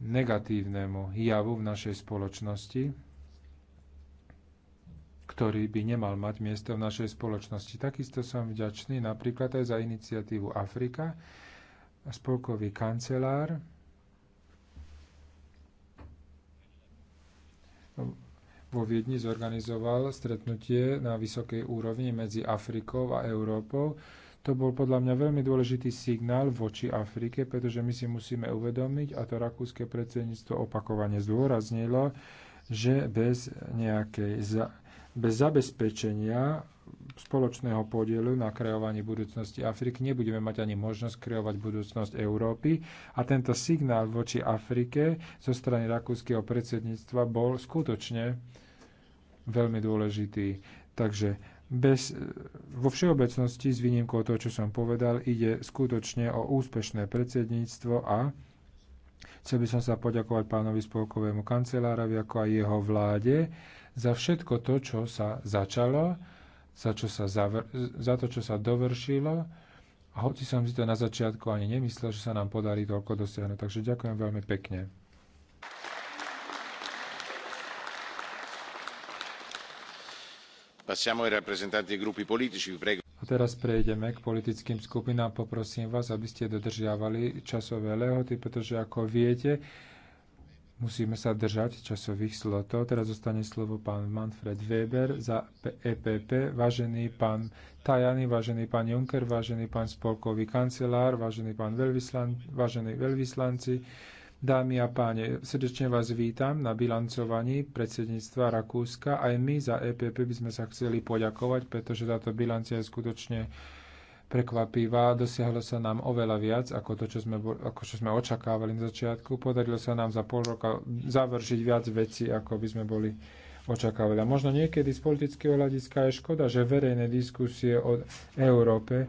negatívnemu javu v našej spoločnosti, ktorý by nemal mať miesto v našej spoločnosti. Takisto som vďačný napríklad aj za iniciatívu Afrika, spolkový kancelár, vo Viedni zorganizoval stretnutie na vysokej úrovni medzi Afrikou a Európou, to bol podľa mňa veľmi dôležitý signál voči Afrike, pretože my si musíme uvedomiť, a to rakúske predsedníctvo opakovane zdôraznilo, že bez, nejakej, bez zabezpečenia spoločného podielu na kreovaní budúcnosti Afriky nebudeme mať ani možnosť kreovať budúcnosť Európy a tento signál voči Afrike zo strany rakúskeho predsedníctva bol skutočne veľmi dôležitý. Takže bez, e, vo všeobecnosti, s výnimkou toho, čo som povedal, ide skutočne o úspešné predsedníctvo a chcel by som sa poďakovať pánovi spolkovému kancelárovi ako aj jeho vláde za všetko to, čo sa začalo, za, čo sa zavr- za to, čo sa dovršilo. A hoci som si to na začiatku ani nemyslel, že sa nám podarí toľko dosiahnuť. Takže ďakujem veľmi pekne. A teraz prejdeme k politickým skupinám. Poprosím vás, aby ste dodržiavali časové lehoty, pretože ako viete, musíme sa držať časových slotov. Teraz zostane slovo pán Manfred Weber za EPP, e vážený pán Tajani, vážený pán Juncker, vážený pán spolkový kancelár, vážený pán veľvyslan, vážení veľvyslanci, Dámy a páne, srdečne vás vítam na bilancovaní predsedníctva Rakúska. Aj my za EPP by sme sa chceli poďakovať, pretože táto bilancia je skutočne prekvapivá. Dosiahlo sa nám oveľa viac ako to, čo sme, ako čo sme očakávali na začiatku. Podarilo sa nám za pol roka završiť viac vecí, ako by sme boli očakávali. A možno niekedy z politického hľadiska je škoda, že verejné diskusie o Európe e,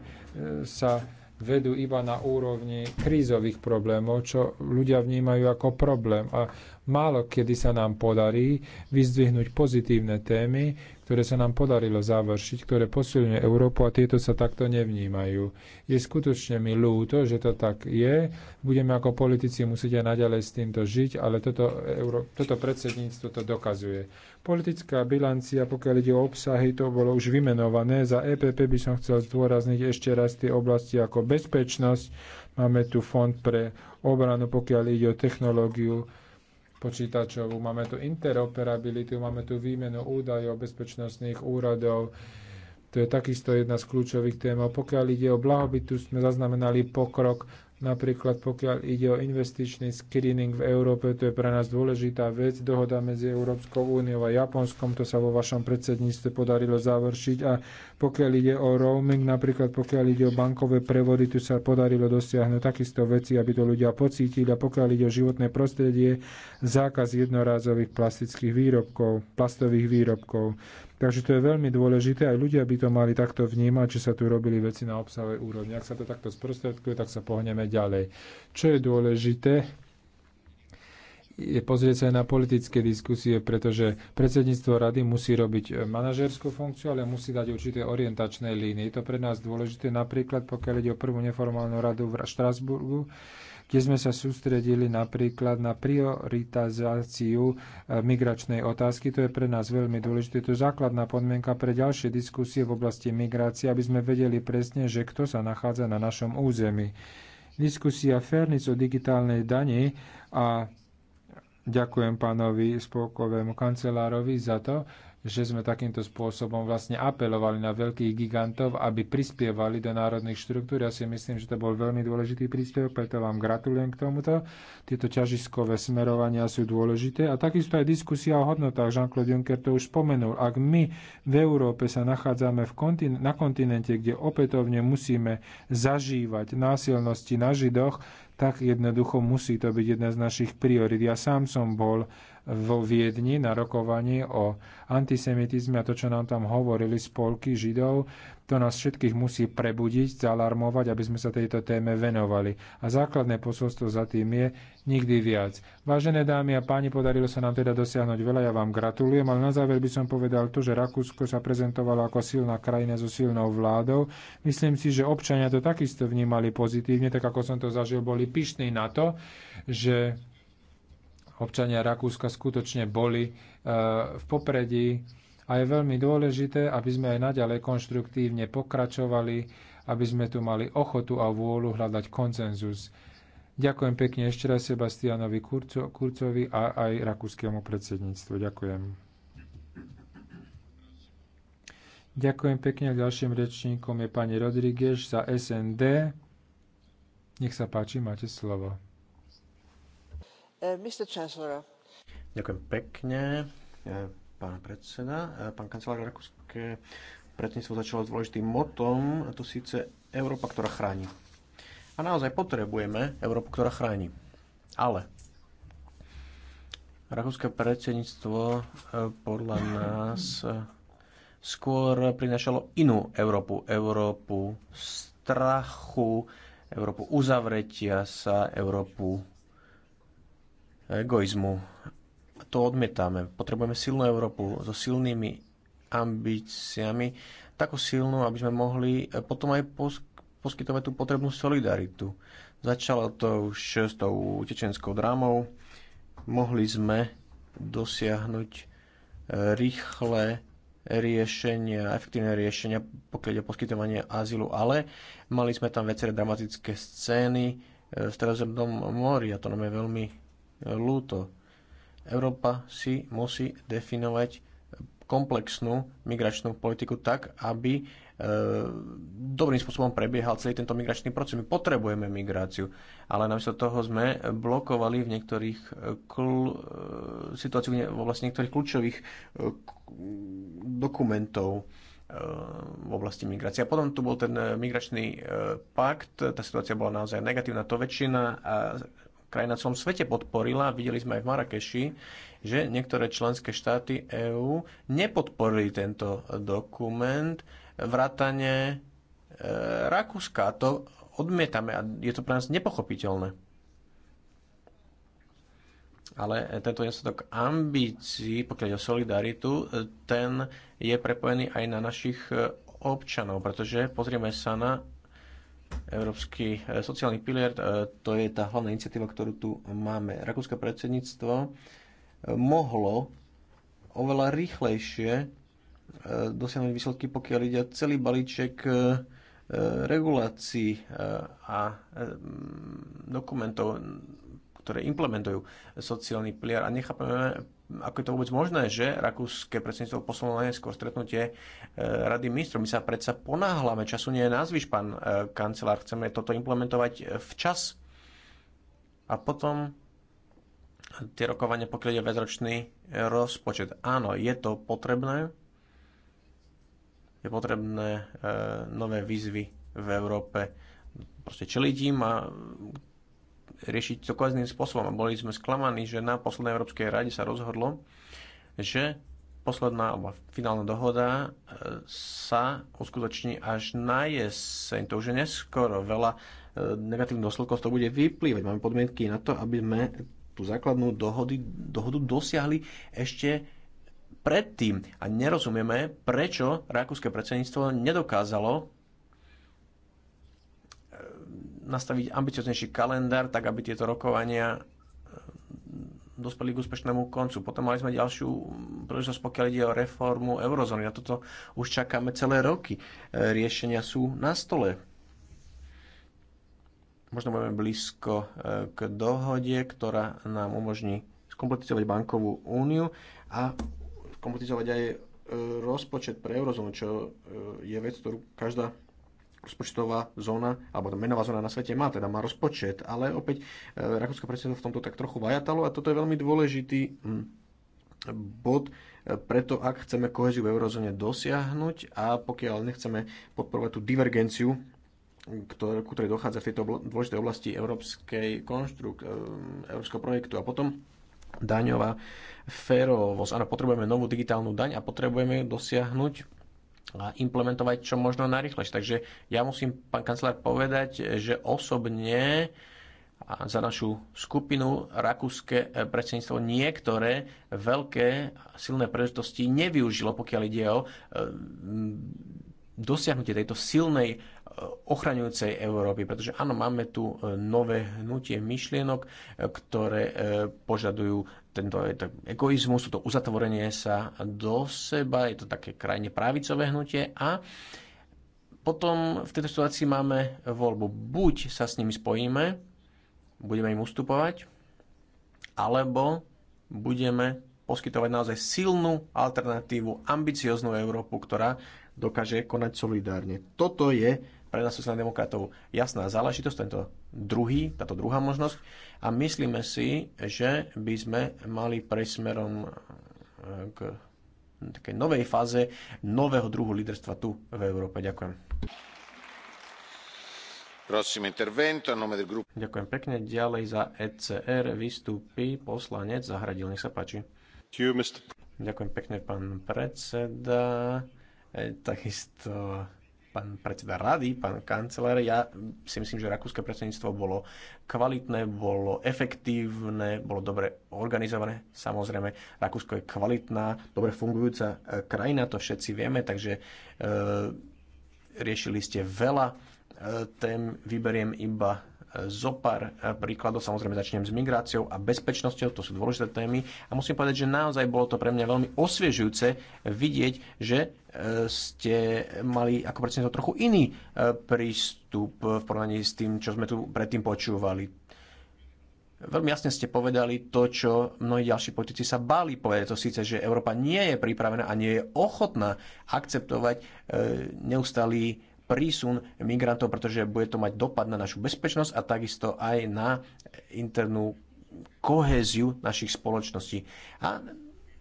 sa vedú iba na úrovni krízových problémov, čo ľudia vnímajú ako problém. A Málo kedy sa nám podarí vyzdvihnúť pozitívne témy, ktoré sa nám podarilo završiť, ktoré posilňujú Európu a tieto sa takto nevnímajú. Je skutočne mi ľúto, že to tak je. Budeme ako politici musieť aj naďalej s týmto žiť, ale toto, Euró- toto predsedníctvo to dokazuje. Politická bilancia, pokiaľ ide o obsahy, to bolo už vymenované. Za EPP by som chcel zdôrazniť ešte raz tie oblasti ako bezpečnosť. Máme tu fond pre obranu, pokiaľ ide o technológiu počítačovú, máme tu interoperabilitu, máme tu výmenu údajov bezpečnostných úradov. To je takisto jedna z kľúčových tém. pokiaľ ide o blahobytu, sme zaznamenali pokrok. Napríklad pokiaľ ide o investičný screening v Európe, to je pre nás dôležitá vec. Dohoda medzi Európskou úniou a Japonskom, to sa vo vašom predsedníctve podarilo završiť a pokiaľ ide o roaming, napríklad pokiaľ ide o bankové prevody, tu sa podarilo dosiahnuť takisto veci, aby to ľudia pocítili. A pokiaľ ide o životné prostredie, zákaz jednorázových plastických výrobkov, plastových výrobkov. Takže to je veľmi dôležité, aj ľudia by to mali takto vnímať, že sa tu robili veci na obsahovej úrovni. Ak sa to takto sprostredkuje, tak sa pohneme ďalej. Čo je dôležité, je pozrieť sa aj na politické diskusie, pretože predsedníctvo rady musí robiť e, manažerskú funkciu, ale musí dať určité orientačné línie. Je to pre nás dôležité napríklad, pokiaľ ide o prvú neformálnu radu v Štrasburgu, kde sme sa sústredili napríklad na prioritizáciu e, migračnej otázky. To je pre nás veľmi dôležité. To je základná podmienka pre ďalšie diskusie v oblasti migrácie, aby sme vedeli presne, že kto sa nachádza na našom území. Diskusia Fernic o digitálnej dani a Ďakujem pánovi spolkovému kancelárovi za to, že sme takýmto spôsobom vlastne apelovali na veľkých gigantov, aby prispievali do národných štruktúr. Ja si myslím, že to bol veľmi dôležitý príspevok, preto vám gratulujem k tomuto. Tieto ťažiskové smerovania sú dôležité a takisto aj diskusia o hodnotách. Jean-Claude Juncker to už spomenul. Ak my v Európe sa nachádzame v kontin- na kontinente, kde opätovne musíme zažívať násilnosti na Židoch, tak jednoducho musí to byť jedna z našich priorit. Ja sám som bol vo Viedni na rokovaní o antisemitizme a to, čo nám tam hovorili spolky židov, to nás všetkých musí prebudiť, zalarmovať, aby sme sa tejto téme venovali. A základné posolstvo za tým je nikdy viac. Vážené dámy a páni, podarilo sa nám teda dosiahnuť veľa, ja vám gratulujem, ale na záver by som povedal to, že Rakúsko sa prezentovalo ako silná krajina so silnou vládou. Myslím si, že občania to takisto vnímali pozitívne, tak ako som to zažil, boli pyšní na to, že občania Rakúska skutočne boli eh, v popredí a je veľmi dôležité, aby sme aj naďalej konštruktívne pokračovali, aby sme tu mali ochotu a vôľu hľadať koncenzus. Ďakujem pekne ešte raz Sebastianovi Kurco, Kurcovi a aj rakúskému predsedníctvu. Ďakujem. Ďakujem pekne. Ďalším rečníkom je pani Rodríguez za SND. Nech sa páči, máte slovo. Eh, Ďakujem pekne pán predseda. Eh, pán kancelár Rakúske predsedníctvo začalo s dôležitým motom, a to síce Európa, ktorá chráni. A naozaj potrebujeme Európu, ktorá chráni. Ale rakúske predsedníctvo eh, podľa nás eh, skôr prinašalo inú Európu. Európu strachu, Európu uzavretia sa, Európu egoizmu to odmietame. Potrebujeme silnú Európu so silnými ambíciami, takú silnú, aby sme mohli eh, potom aj poskytovať tú potrebnú solidaritu. Začalo to už s tou utečenskou drámou. Mohli sme dosiahnuť eh, rýchle riešenia, efektívne riešenia, pokiaľ ide poskytovanie azylu, ale mali sme tam viaceré dramatické scény eh, v Stredozemnom mori a to nám je veľmi ľúto. Európa si musí definovať komplexnú migračnú politiku tak, aby e, dobrým spôsobom prebiehal celý tento migračný proces. My potrebujeme migráciu, ale namiesto toho sme blokovali v niektorých e, kl- e, situáciách, v oblasti niektorých kľúčových e, dokumentov v oblasti migrácie. A potom tu bol ten migračný pakt, tá situácia bola naozaj negatívna, to väčšina Kraj na celom svete podporila. Videli sme aj v Marrakeši, že niektoré členské štáty EÚ nepodporili tento dokument vrátane e, Rakúska. To odmietame a je to pre nás nepochopiteľné. Ale tento nedostatok ambícií, pokiaľ o solidaritu, ten je prepojený aj na našich e, občanov, pretože pozrieme sa na Európsky e, sociálny pilier, e, to je tá hlavná iniciatíva, ktorú tu máme. Rakúske predsedníctvo e, mohlo oveľa rýchlejšie dosiahnuť výsledky, pokiaľ ide celý balíček regulácií a dokumentov ktoré implementujú sociálny pilier a nechápeme, ako je to vôbec možné, že rakúske predsedníctvo poslalo na neskôr stretnutie e, Rady ministrov. My sa predsa ponáhlame, času nie je názvyš, pán e, kancelár, chceme toto implementovať e, včas. A potom tie rokovania, pokiaľ je väzročný rozpočet. Áno, je to potrebné. Je potrebné nové výzvy v Európe proste čeliť im a riešiť to kvázným spôsobom. A boli sme sklamaní, že na poslednej Európskej rade sa rozhodlo, že posledná alebo finálna dohoda e, sa uskutoční až na jeseň. To už je neskoro. Veľa e, negatívnych dôsledkov z toho bude vyplývať. Máme podmienky na to, aby sme tú základnú dohody, dohodu dosiahli ešte predtým. A nerozumieme, prečo rakúske predsedníctvo nedokázalo nastaviť ambicioznejší kalendár, tak aby tieto rokovania eh, dospeli k úspešnému koncu. Potom mali sme ďalšiu príležitosť, pokiaľ ide o reformu eurozóny. Na toto už čakáme celé roky. Eh, riešenia sú na stole. Možno budeme blízko eh, k dohode, ktorá nám umožní skompletizovať bankovú úniu a skompletizovať aj rozpočet pre eurozónu, čo je vec, ktorú každá rozpočtová zóna, alebo menová zóna na svete má, teda má rozpočet, ale opäť e, Rakúsko predsedstvo v tomto tak trochu vajatalo a toto je veľmi dôležitý hm, bod, e, preto ak chceme koheziu v eurozóne dosiahnuť a pokiaľ nechceme podporovať tú divergenciu, ktoré, ku ktorej dochádza v tejto dôležitej oblasti európskej konštrukt, e, európskeho projektu a potom daňová férovosť. Áno, potrebujeme novú digitálnu daň a potrebujeme ju dosiahnuť a implementovať čo možno najrychlejšie. Takže ja musím, pán kancelár, povedať, že osobne a za našu skupinu rakúske eh, predsedníctvo niektoré veľké silné príležitosti nevyužilo, pokiaľ ide o eh, dosiahnutie tejto silnej ochraňujúcej Európy, pretože áno, máme tu e, nové hnutie myšlienok, e, ktoré e, požadujú tento egoizmus, toto uzatvorenie sa do seba, je to také krajne pravicové hnutie a potom v tejto situácii máme voľbu. Buď sa s nimi spojíme, budeme im ustupovať, alebo budeme poskytovať naozaj silnú alternatívu, ambicioznú Európu, ktorá dokáže konať solidárne. Toto je pre nás sociálnych demokratov jasná záležitosť, tento druhý, táto druhá možnosť a myslíme si, že by sme mali prejsť smerom e, k takej novej fáze nového druhu líderstva tu v Európe. Ďakujem. Ďakujem pekne. Ďalej za ECR vystúpi poslanec Zahradil. Nech sa páči. Ďakujem pekne, pán predseda. E, takisto pán predseda rady, pán kancelár. Ja si myslím, že rakúske predsedníctvo bolo kvalitné, bolo efektívne, bolo dobre organizované. Samozrejme, Rakúsko je kvalitná, dobre fungujúca eh, krajina, to všetci vieme, takže e, riešili ste veľa e, tém, vyberiem iba pár eh, príkladov, samozrejme začnem s migráciou a bezpečnosťou, to sú dôležité témy a musím povedať, že naozaj bolo to pre mňa veľmi osviežujúce vidieť, že eh, ste mali ako to trochu iný eh, prístup v porovnaní s tým, čo sme tu predtým počúvali. Veľmi jasne ste povedali to, čo mnohí ďalší politici sa báli povedať. To síce, že Európa nie je pripravená a nie je ochotná akceptovať neustalý prísun migrantov, pretože bude to mať dopad na našu bezpečnosť a takisto aj na internú kohéziu našich spoločností. A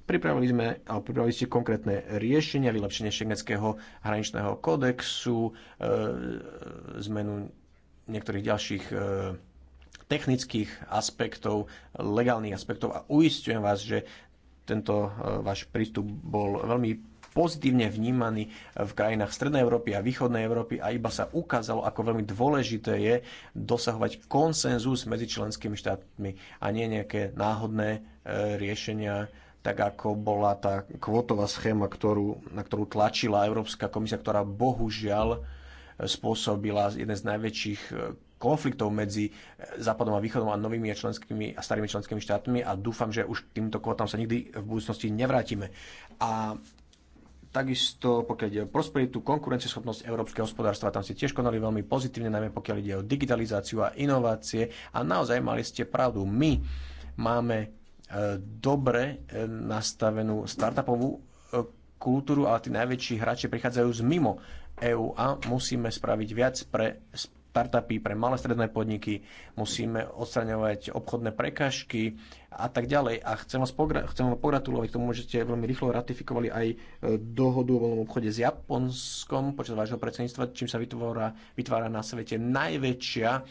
pripravili sme, alebo pripravili ste konkrétne riešenia, vylepšenie šengenského hraničného kódexu, e, zmenu niektorých ďalších e, technických aspektov, legálnych aspektov a uistujem vás, že tento e, váš prístup bol veľmi pozitívne vnímaný v krajinách Strednej Európy a Východnej Európy a iba sa ukázalo, ako veľmi dôležité je dosahovať konsenzus medzi členskými štátmi a nie nejaké náhodné e, riešenia tak ako bola tá kvotová schéma, ktorú, na ktorú tlačila Európska komisia, ktorá bohužiaľ e, spôsobila jeden z najväčších e, konfliktov medzi Západom a Východom a novými a členskými a starými členskými štátmi a dúfam, že už k týmto kvotám sa nikdy v budúcnosti nevrátime. A Takisto, pokiaľ ide o prosperitu, konkurencieschopnosť európskeho hospodárstva, tam ste tiež konali veľmi pozitívne, najmä pokiaľ ide o digitalizáciu a inovácie. A naozaj mali ste pravdu, my máme e, dobre e, nastavenú startupovú e, kultúru, ale tí najväčší hráči prichádzajú z mimo EÚ a musíme spraviť viac pre startupy, pre malé stredné podniky, musíme odstraňovať obchodné prekažky a tak ďalej. A chcem, vás pogra- chcem vás pogratulovať k tomu, že ste veľmi rýchlo ratifikovali aj e, dohodu o voľnom obchode s Japonskom počas vášho predsedníctva, čím sa vytvára, vytvára na svete najväčšia e,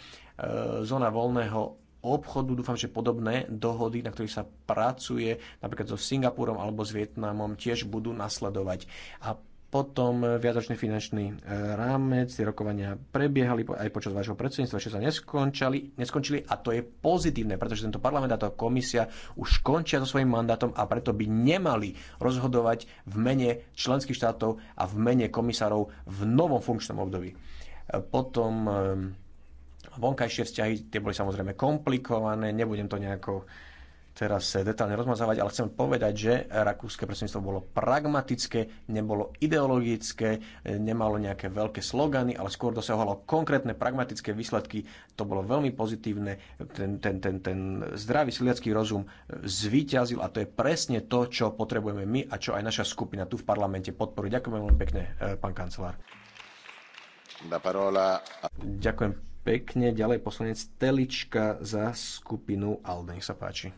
zóna voľného obchodu. Dúfam, že podobné dohody, na ktorých sa pracuje, napríklad so Singapurom alebo s Vietnamom, tiež budú nasledovať. A potom eh, viatočný finančný eh, rámec, tie rokovania prebiehali aj počas vášho predsedníctva, ešte sa neskončili, neskončili a to je pozitívne, pretože tento parlament a tá komisia už končia so svojím mandátom a preto by nemali rozhodovať v mene členských štátov a v mene komisárov v novom funkčnom období. Eh, potom vonkajšie vzťahy, tie boli samozrejme komplikované, nebudem to nejako teraz detálne rozmazávať, ale chcem povedať, že rakúske predsedníctvo bolo pragmatické, nebolo ideologické, nemalo nejaké veľké slogany, ale skôr dosahovalo konkrétne pragmatické výsledky. To bolo veľmi pozitívne. Ten, ten, ten, ten zdravý sliacký rozum zvíťazil a to je presne to, čo potrebujeme my a čo aj naša skupina tu v parlamente podporuje. Ďakujem veľmi pekne, eh, pán kancelár. Parola... Ďakujem pekne. Ďalej poslanec Telička za skupinu ALDE. Nech sa páči.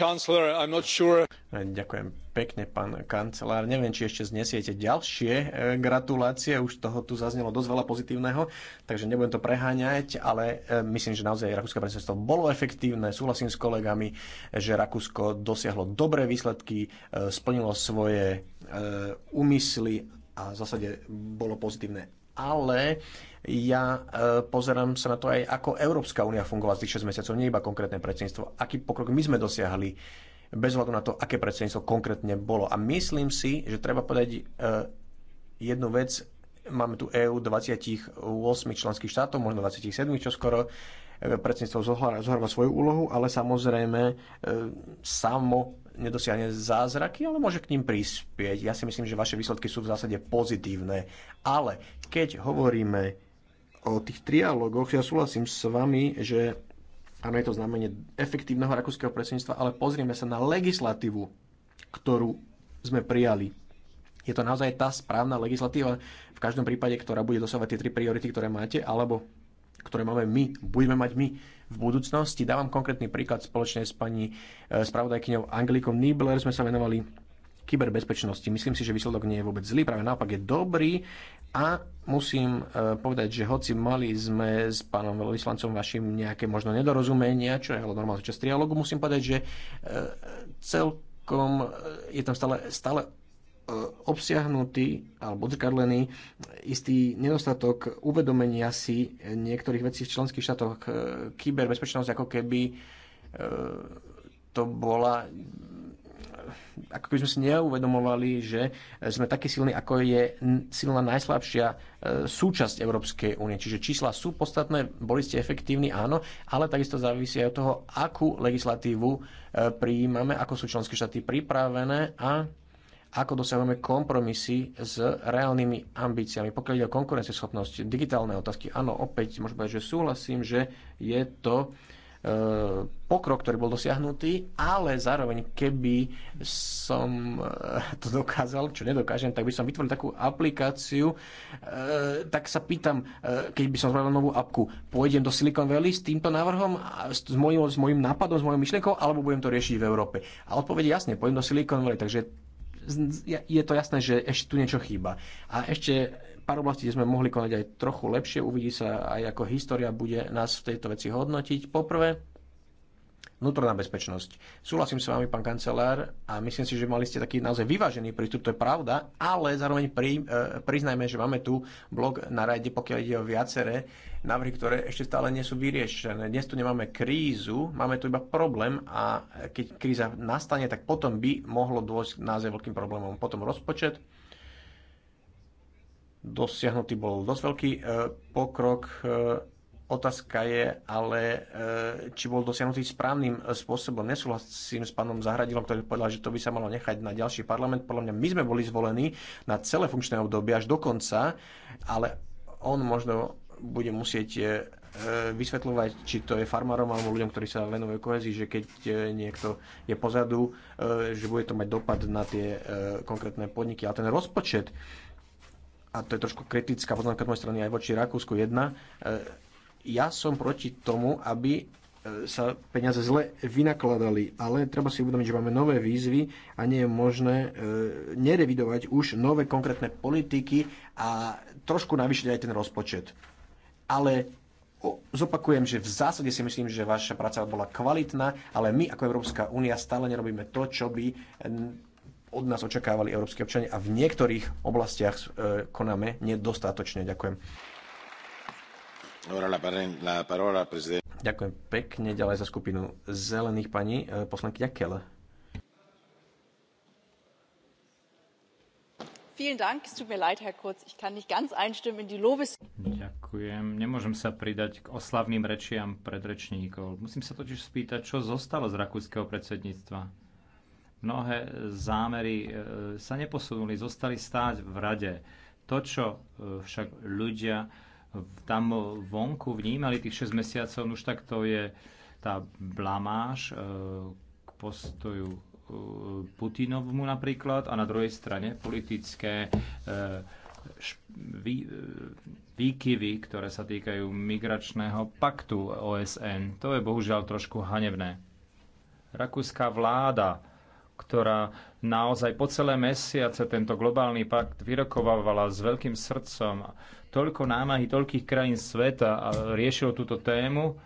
Ďakujem pekne, pán kancelár. Neviem, či ešte znesiete ďalšie e, gratulácie. Už toho tu zaznelo dosť veľa pozitívneho, takže nebudem to preháňať, ale e, myslím, že naozaj rakúske predsedstvo bolo efektívne. Súhlasím s kolegami, že Rakúsko dosiahlo dobré výsledky, e, splnilo svoje úmysly a v zásade bolo pozitívne. Ale ja e, pozerám sa na to aj, ako Európska únia fungovala z tých 6 mesiacov, nie iba konkrétne predsedníctvo. Aký pokrok my sme dosiahli bez hľadu na to, aké predsedníctvo konkrétne bolo. A myslím si, že treba povedať e, jednu vec. Máme tu EÚ 28 členských štátov, možno 27, čo skoro predsedníctvo zohráva svoju úlohu, ale samozrejme e, samo nedosiahne zázraky, ale môže k ním prispieť. Ja si myslím, že vaše výsledky sú v zásade pozitívne. Ale keď hovoríme o tých trialogoch, ja súhlasím s vami, že áno, je to znamenie efektívneho rakúskeho predsedníctva, ale pozrieme sa na legislatívu, ktorú sme prijali. Je to naozaj tá správna legislatíva, v každom prípade, ktorá bude dosahovať tie tri priority, ktoré máte, alebo ktoré máme my, budeme mať my v budúcnosti. Dávam konkrétny príklad spoločne s pani eh, spravodajkyňou Anglikom Nibler. Sme sa venovali kyberbezpečnosti. Myslím si, že výsledok nie je vôbec zlý, práve naopak je dobrý a musím e, povedať, že hoci mali sme s pánom veľvyslancom vašim nejaké možno nedorozumenia, čo je ale normálna časť trialógu, musím povedať, že e, celkom e, je tam stále, stále obsiahnutý alebo odzrkadlený istý nedostatok uvedomenia si niektorých vecí v členských štátoch. Kyberbezpečnosť ako keby to bola ako keby sme si neuvedomovali, že sme takí silní, ako je silná najslabšia e, súčasť Európskej únie. Čiže čísla sú podstatné, boli ste efektívni, áno, ale takisto závisí aj od toho, akú legislatívu e, prijímame, ako sú členské štáty pripravené a ako dosahujeme kompromisy s reálnymi ambíciami. Pokiaľ ide o konkurencieschopnosť, digitálne otázky, áno, opäť môžem povedať, že súhlasím, že je to uh, E, pokrok, ktorý bol dosiahnutý, ale zároveň keby som e, to dokázal, čo nedokážem, tak by som vytvoril takú aplikáciu, e, tak sa pýtam, keď by som spravil novú apku, pôjdem do Silicon Valley s týmto návrhom, s môjim, s môjim nápadom, s mojou myšlienkou, alebo budem to riešiť v Európe. A odpoveď jasne, pôjdem do Silicon Valley, takže je to jasné, že ešte tu niečo chýba. A ešte pár oblastí, kde sme mohli konať aj trochu lepšie. Uvidí sa aj ako história bude nás v tejto veci hodnotiť. Poprvé, vnútorná bezpečnosť. Súhlasím s vami, pán kancelár, a myslím si, že mali ste taký naozaj vyvážený prístup, to je pravda, ale zároveň pri, e, priznajme, že máme tu blog na rade, pokiaľ ide o viaceré návrhy, ktoré ešte stále nie sú vyriešené. Dnes tu nemáme krízu, máme tu iba problém a keď kríza nastane, tak potom by mohlo dôjsť naozaj veľkým problémom. Potom rozpočet, dosiahnutý bol dosť veľký e, pokrok. E, otázka je ale, e, či bol dosiahnutý správnym spôsobom. Nesúhlasím s pánom Zahradilom, ktorý povedal, že to by sa malo nechať na ďalší parlament. Podľa mňa my sme boli zvolení na celé funkčné obdobie až do konca, ale on možno bude musieť vysvetľovať, či to je farmárom alebo ľuďom, ktorí sa venujú kohezii, že keď niekto je pozadu, že bude to mať dopad na tie konkrétne podniky. A ten rozpočet a to je trošku kritická poznámka od mojej strany aj voči Rakúsku 1, e, ja som proti tomu, aby e, sa peniaze zle vynakladali, ale treba si uvedomiť, že máme nové výzvy a nie je možné e, nerevidovať už nové konkrétne politiky a trošku navýšiť aj ten rozpočet. Ale zopakujem, že v zásade si myslím, že vaša práca bola kvalitná, ale my ako Európska únia stále nerobíme to, čo by od nás očakávali európske občania a v niektorých oblastiach e, konáme nedostatočne. Ďakujem. Ďakujem pekne. Ďalej za skupinu zelených pani e, poslankyňa Kelle. Ďakujem. Nemôžem sa pridať k oslavným rečiam predrečníkov. Musím sa totiž spýtať, čo zostalo z rakúskeho predsedníctva Mnohé zámery e, sa neposunuli, zostali stáť v rade. To, čo e, však ľudia tam vonku vnímali tých 6 mesiacov, no už tak to je tá blamáž e, k postoju Putinovmu napríklad a na druhej strane politické výkyvy, ktoré sa týkajú migračného paktu OSN. To je bohužiaľ trošku hanebné. Rakúska vláda ktorá naozaj po celé mesiace tento globálny pakt vyrokovávala s veľkým srdcom. Toľko námahy toľkých krajín sveta a riešil túto tému.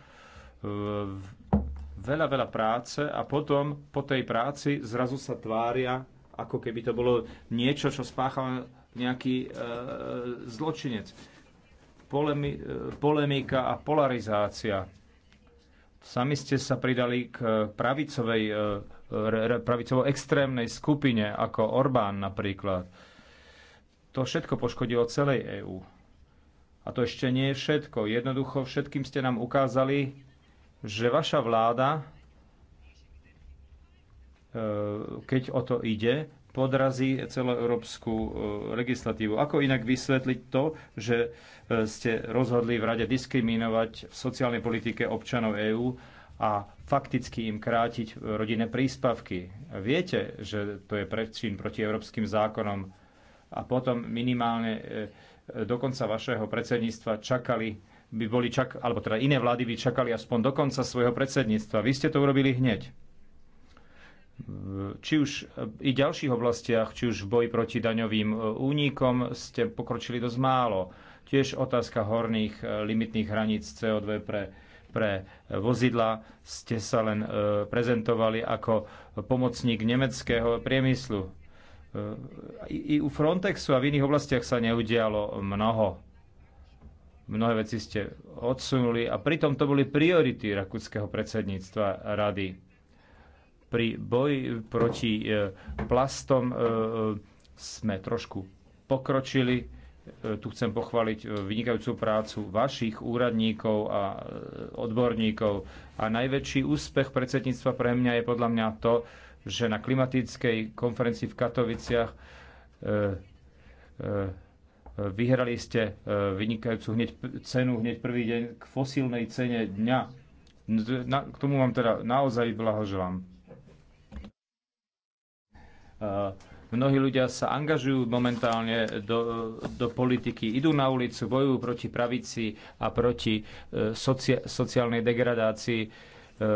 Veľa, veľa práce a potom po tej práci zrazu sa tvária, ako keby to bolo niečo, čo spáchal nejaký e, zločinec. Polemi, e, polemika a polarizácia. Sami ste sa pridali k pravicovej e, pravicovo extrémnej skupine ako Orbán napríklad. To všetko poškodilo celej EÚ. A to ešte nie je všetko. Jednoducho všetkým ste nám ukázali, že vaša vláda, e, keď o to ide, podrazí celoeurópsku e, legislatívu. Ako inak vysvetliť to, že e, ste rozhodli v rade diskriminovať v sociálnej politike občanov EÚ a fakticky im krátiť e, rodinné príspavky. Viete, že to je predčin proti európskym zákonom a potom minimálne e, e, do konca vašeho predsedníctva čakali, by boli čak, alebo teda iné vlády by čakali aspoň do konca svojho predsedníctva. Vy ste to urobili hneď. Či už i v ďalších oblastiach, či už v boji proti daňovým únikom ste pokročili dosť málo. Tiež otázka horných limitných hraníc CO2 pre pre vozidla ste sa len e, prezentovali ako pomocník nemeckého priemyslu. E, I u Frontexu a v iných oblastiach sa neudialo mnoho. Mnohé veci ste odsunuli a pritom to boli priority rakútskeho predsedníctva rady. Pri boji proti e, plastom sme trošku pokročili E, tu chcem pochváliť e, vynikajúcu prácu vašich úradníkov a e, odborníkov. A najväčší úspech predsedníctva pre mňa je podľa mňa to, že na klimatickej konferencii v Katoviciach vyhrali ste vynikajúcu hneď cenu hneď prvý deň k fosílnej cene dňa. Na, k tomu vám teda naozaj blahoželám. Uh, Mnohí ľudia sa angažujú momentálne do, do politiky, idú na ulicu, bojujú proti pravici a proti e, socia- sociálnej degradácii e, e,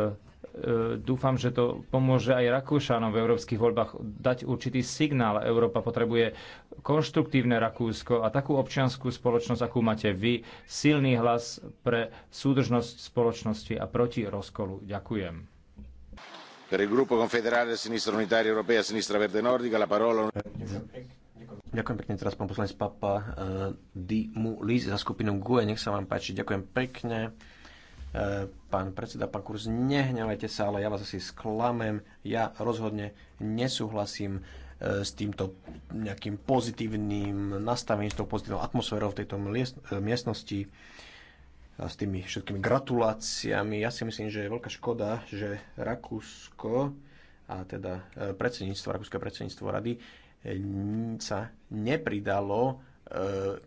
dúfam, že to pomôže aj Rakúšanom v európskych voľbách dať určitý signál. Európa potrebuje konštruktívne Rakúsko a takú občianskú spoločnosť, akú máte vy, silný hlas pre súdržnosť spoločnosti a proti rozkolu. Ďakujem. Ďakujem pekne teraz pán poslanec Papa uh, eh, Dimulis za skupinu GUE. Nech sa vám páči. Ďakujem pekne. Uh, pán predseda, pán Kurz, nehnevajte sa, ale ja vás asi sklamem. Ja rozhodne nesúhlasím eh, s týmto nejakým pozitívnym nastavením, s tou pozitívnou atmosférou v tejto miestnosti. Uh, a s tými všetkými gratuláciami. Ja si myslím, že je veľká škoda, že Rakúsko a teda e, predsedníctvo, Rakúske predsedníctvo rady e, sa nepridalo e,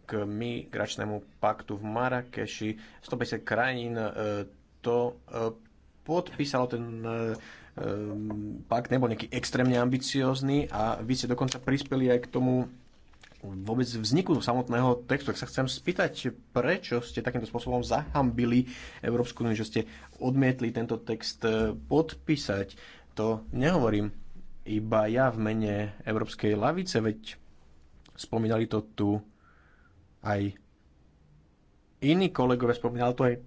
k migračnému paktu v Marrakeši. 150 krajín to podpísalo ten pakt, nebol nejaký extrémne ambiciózny a vy ste dokonca prispeli aj k tomu vôbec vzniku samotného textu. Tak sa chcem spýtať, prečo ste takýmto spôsobom zahambili Európsku úniu, že ste odmietli tento text eh, podpísať. To nehovorím iba ja v mene Európskej lavice, veď spomínali to tu aj iní kolegovia, spomínal to aj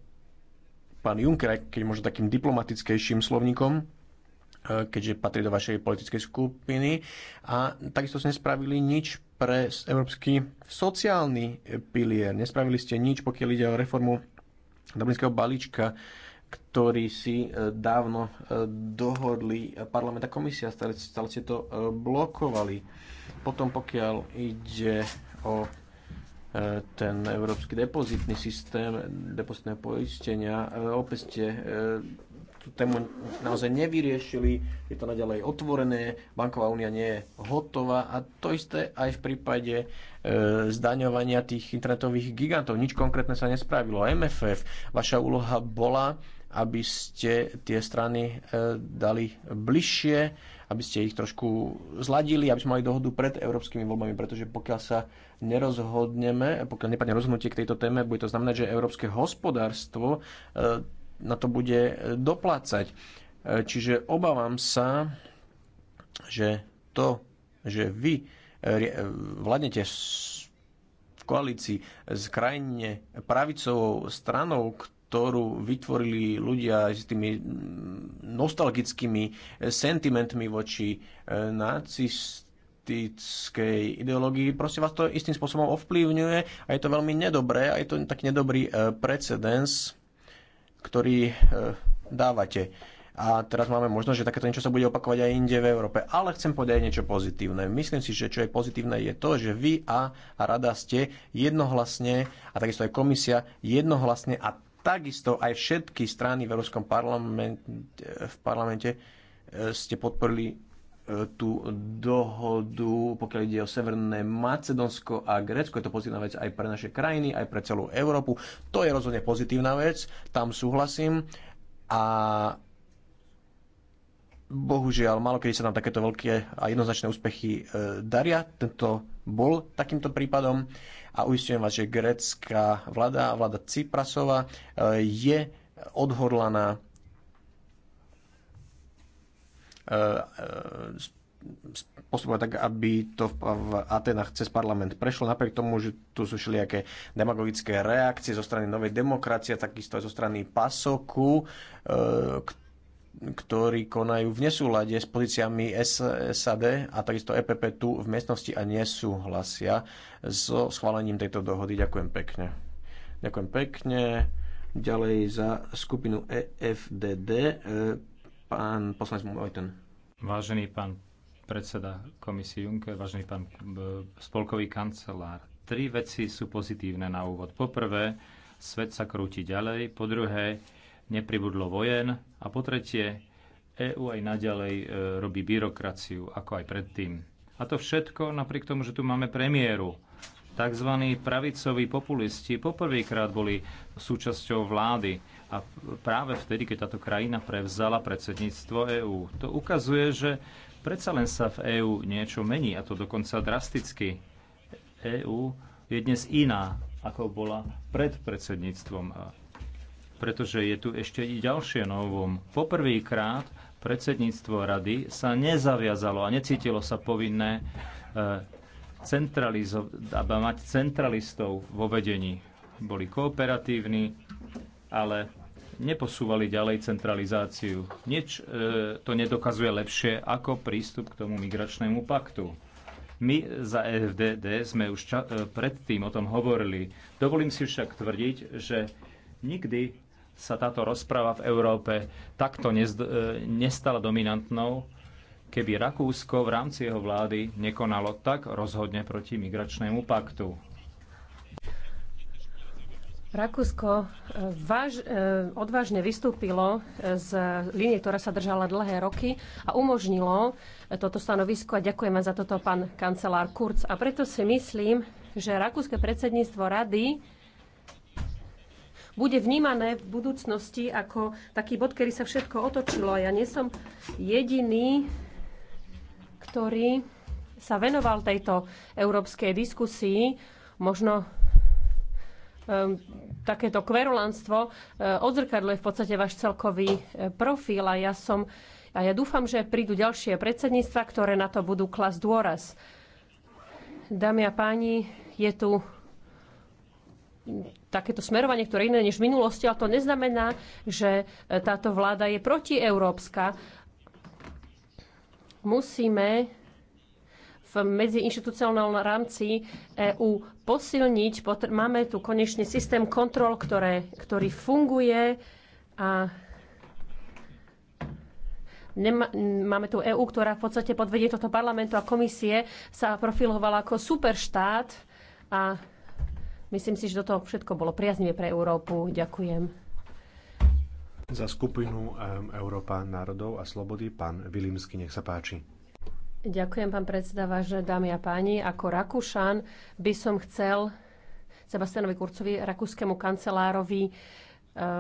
pán Juncker, keď možno takým diplomatickejším slovníkom, eh, keďže patrí do vašej politickej skupiny. A takisto ste nespravili nič pre európsky sociálny pilier. Nespravili ste nič, pokiaľ ide o reformu Dublinského balíčka, ktorý si e, dávno e, dohodli parlament a komisia. Stále, stále ste to e, blokovali. Potom, pokiaľ ide o ten európsky depozitný systém, depozitného poistenia. Opäť ste tému naozaj nevyriešili, je to naďalej otvorené, banková únia nie je hotová a to isté aj v prípade e, zdaňovania tých internetových gigantov. Nič konkrétne sa nespravilo. MFF, vaša úloha bola, aby ste tie strany e, dali bližšie, aby ste ich trošku zladili, aby sme mali dohodu pred európskymi voľbami, pretože pokiaľ sa nerozhodneme, pokiaľ nepadne rozhodnutie k tejto téme, bude to znamenať, že európske hospodárstvo e, na to bude e, doplácať. E, čiže obávam sa, že to, že vy e, vládnete v koalícii s krajine pravicovou stranou, ktorú vytvorili ľudia s tými nostalgickými sentimentmi voči nacistickej ideológii. Proste vás to istým spôsobom ovplyvňuje a je to veľmi nedobré a je to taký nedobrý precedens ktorý e, dávate. A teraz máme možnosť, že takéto niečo sa bude opakovať aj inde v Európe. Ale chcem povedať niečo pozitívne. Myslím si, že čo je pozitívne je to, že vy a rada ste jednohlasne, a takisto aj komisia, jednohlasne a takisto aj všetky strany v Európskom parlamente, v parlamente e, ste podporili tú dohodu, pokiaľ ide o Severné Macedónsko a Grécko. Je to pozitívna vec aj pre naše krajiny, aj pre celú Európu. To je rozhodne pozitívna vec, tam súhlasím. A bohužiaľ, malo kedy sa nám takéto veľké a jednoznačné úspechy e, daria. Tento bol takýmto prípadom a uistujem vás, že grécka vláda, vláda Ciprasova e, je odhodlaná E, e, postupovať tak, aby to v Atenách cez parlament prešlo, napriek tomu, že tu sú všelijaké demagogické reakcie zo strany Novej demokracie, takisto aj zo strany Pasoku, e, ktorí konajú v nesúlade s pozíciami SAD a takisto EPP tu v miestnosti a nesúhlasia so schválením tejto dohody. Ďakujem pekne. Ďakujem pekne. Ďalej za skupinu EFDD Pán poslanec Mojten. Vážený pán predseda komisie Juncker, vážený pán e, spolkový kancelár. Tri veci sú pozitívne na úvod. Poprvé, svet sa krúti ďalej. Po druhé, nepribudlo vojen. A po tretie, EÚ aj naďalej e, robí byrokraciu, ako aj predtým. A to všetko napriek tomu, že tu máme premiéru, tzv. pravicoví populisti poprvýkrát boli súčasťou vlády a práve vtedy, keď táto krajina prevzala predsedníctvo EÚ. To ukazuje, že predsa len sa v EÚ niečo mení a to dokonca drasticky. EÚ je dnes iná, ako bola pred predsedníctvom. Pretože je tu ešte i ďalšie novom. Poprvýkrát predsedníctvo rady sa nezaviazalo a necítilo sa povinné e, centralizo- aby mať centralistov vo vedení. Boli kooperatívni, ale neposúvali ďalej centralizáciu. Nič e, to nedokazuje lepšie ako prístup k tomu migračnému paktu. My za e FDD sme už ča- e, predtým o tom hovorili. Dovolím si však tvrdiť, že nikdy sa táto rozpráva v Európe takto e, nestala dominantnou keby Rakúsko v rámci jeho vlády nekonalo tak rozhodne proti migračnému paktu. Rakúsko e, váž, e, odvážne vystúpilo e, z línie, ktorá sa držala dlhé roky a umožnilo toto stanovisko a ďakujeme za toto pán kancelár Kurz. A preto si myslím, že rakúske predsedníctvo rady bude vnímané v budúcnosti ako taký bod, kedy sa všetko otočilo. Ja nie som jediný, ktorý sa venoval tejto európskej diskusii. Možno um, takéto kverulánstvo um, e, odzrkadluje v podstate váš celkový e, profil a ja som a ja dúfam, že prídu ďalšie predsedníctva, ktoré na to budú klas dôraz. Dámy a páni, je tu takéto smerovanie, ktoré iné než v minulosti, ale to neznamená, že e, táto vláda je protieurópska. Musíme v medziinštitucionálnom rámci EÚ posilniť. Máme tu konečne systém kontrol, ktoré, ktorý funguje a Nema, máme tu EÚ, ktorá v podstate pod vedie parlamentu a komisie sa profilovala ako superštát a myslím si, že toto všetko bolo priaznivé pre Európu. Ďakujem. Za skupinu Európa národov a slobody pán Vilimsky, nech sa páči. Ďakujem, pán predseda, vážne dámy a páni. Ako Rakúšan by som chcel Sebastianovi Kurcovi, rakúskému kancelárovi, eh,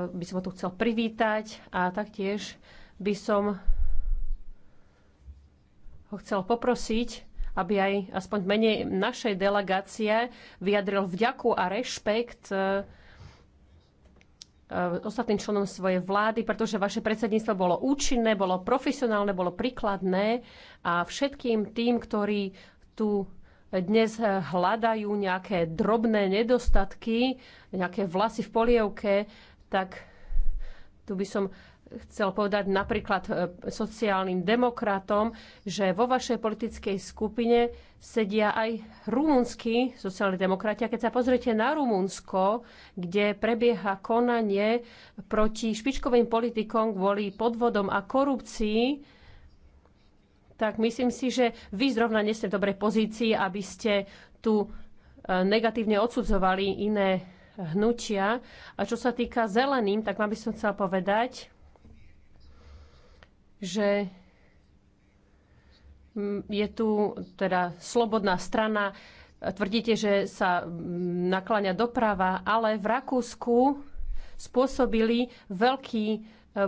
by som ho tu chcel privítať a taktiež by som ho chcel poprosiť, aby aj aspoň menej našej delegácie vyjadril vďaku a rešpekt eh, E, ostatným členom svojej vlády, pretože vaše predsedníctvo bolo účinné, bolo profesionálne, bolo príkladné a všetkým tým, ktorí tu dnes e, hľadajú nejaké drobné nedostatky, nejaké vlasy v polievke, tak tu by som chcel povedať napríklad e, sociálnym demokratom, že vo vašej politickej skupine sedia aj rumúnsky sociálni demokrati. A keď sa pozriete na Rumunsko, kde prebieha konanie proti špičkovým politikom kvôli podvodom a korupcii, tak myslím si, že vy zrovna nie ste v dobrej pozícii, aby ste tu e, negatívne odsudzovali iné hnutia. A čo sa týka zeleným, tak vám by som chcela povedať, že mm, je tu teda slobodná strana. Tvrdíte, že sa mm, nakláňa doprava, ale v Rakúsku spôsobili veľký e,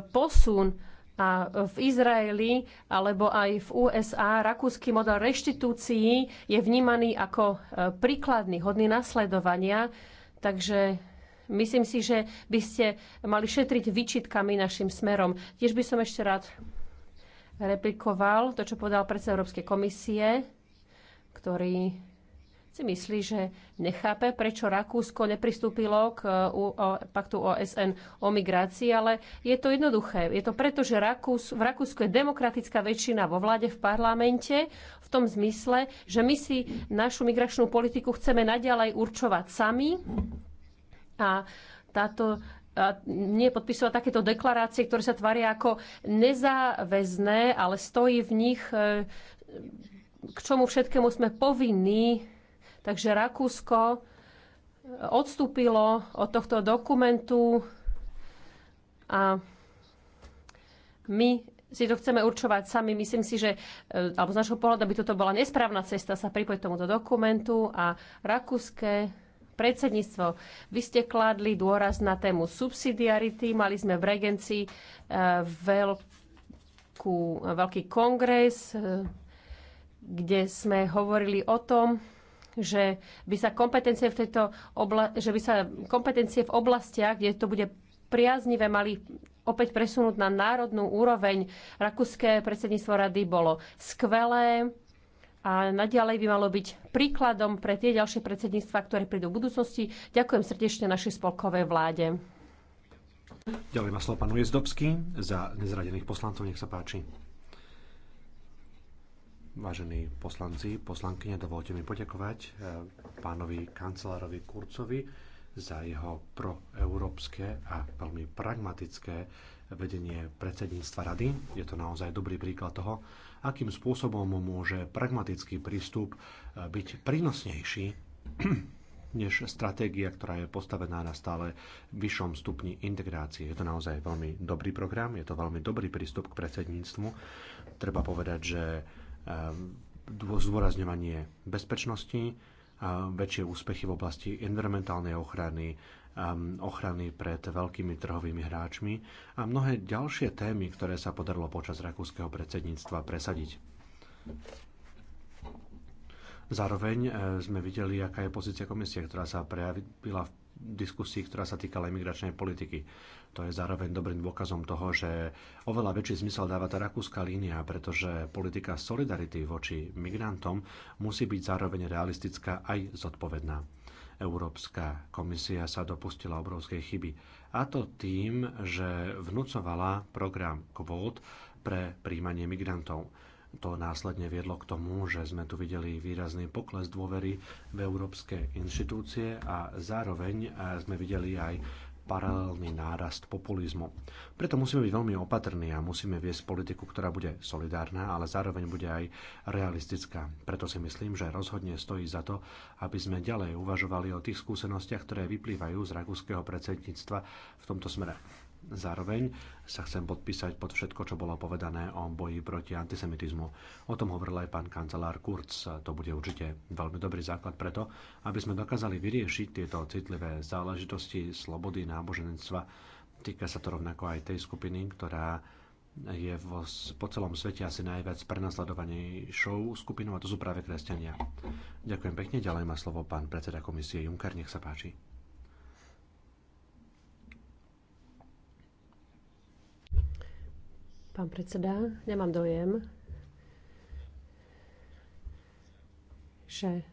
posun a v Izraeli alebo aj v USA rakúsky model reštitúcií je vnímaný ako e, príkladný, hodný nasledovania. Takže myslím si, že by ste mali šetriť výčitkami našim smerom. Tiež by som ešte rád replikoval to, čo povedal predseda Európskej komisie, ktorý si myslí, že nechápe, prečo Rakúsko nepristúpilo k eh, paktu OSN o migrácii, ale je to jednoduché. Je to preto, že Rakús, v Rakúsku je demokratická väčšina vo vláde v parlamente v tom zmysle, že my si našu migračnú politiku chceme naďalej určovať sami a táto nie podpisovať takéto deklarácie, ktoré sa tvária ako nezáväzné, ale stojí v nich, e, k čomu všetkému sme povinní. Takže Rakúsko e, odstúpilo od tohto dokumentu a my si to chceme určovať sami. Myslím si, že e, alebo z našho pohľadu by toto bola nesprávna cesta sa pripojiť tomuto dokumentu a rakúske predsedníctvo. Vy ste kladli dôraz na tému subsidiarity. Mali sme v Regencii e, veľkú, veľký kongres, e, kde sme hovorili o tom, že by sa kompetencie v tejto obla- že by sa kompetencie v oblastiach, kde to bude priaznivé, mali opäť presunúť na národnú úroveň. Rakúske predsedníctvo rady bolo skvelé a naďalej by malo byť príkladom pre tie ďalšie predsedníctva, ktoré prídu v budúcnosti. Ďakujem srdečne našej spolkovej vláde. Ďalej má slovo pán Ujezdobský za nezradených poslancov. Nech sa páči. Vážení poslanci, poslankyne, dovolte mi poďakovať eh, pánovi kancelárovi Kurcovi za jeho proeurópske a veľmi pragmatické vedenie predsedníctva rady. Je to naozaj dobrý príklad toho, akým spôsobom môže pragmatický prístup e, byť prínosnejší než stratégia, ktorá je postavená na stále vyššom stupni integrácie. Je to naozaj veľmi dobrý program, je to veľmi dobrý prístup k predsedníctvu. Treba povedať, že e, zdôrazňovanie bezpečnosti, väčšie úspechy v oblasti environmentálnej ochrany, Um, ochrany pred veľkými trhovými hráčmi a mnohé ďalšie témy, ktoré sa podarilo počas rakúskeho predsedníctva presadiť. Zároveň eh, sme videli, aká je pozícia komisie, ktorá sa prejavila v diskusii, ktorá sa týkala imigračnej politiky. To je zároveň dobrým dôkazom toho, že oveľa väčší zmysel dáva tá rakúska línia, pretože politika solidarity voči migrantom musí byť zároveň realistická aj zodpovedná. Európska komisia sa dopustila obrovskej chyby. A to tým, že vnúcovala program kvót pre príjmanie migrantov. To následne viedlo k tomu, že sme tu videli výrazný pokles dôvery v európske inštitúcie a zároveň eh, sme videli aj paralelný nárast populizmu. Preto musíme byť veľmi opatrní a musíme viesť politiku, ktorá bude solidárna, ale zároveň bude aj realistická. Preto si myslím, že rozhodne stojí za to, aby sme ďalej uvažovali o tých skúsenostiach, ktoré vyplývajú z rakúskeho predsedníctva v tomto smere. Zároveň sa chcem podpísať pod všetko, čo bolo povedané o boji proti antisemitizmu. O tom hovoril aj pán kancelár Kurz. To bude určite veľmi dobrý základ preto, aby sme dokázali vyriešiť tieto citlivé záležitosti slobody náboženstva. Týka sa to rovnako aj tej skupiny, ktorá je vo, po celom svete asi najviac prenasledovanejšou skupinou a to sú práve kresťania. Ďakujem pekne, ďalej má slovo pán predseda komisie Juncker, nech sa páči. Pán predseda, nemám dojem, že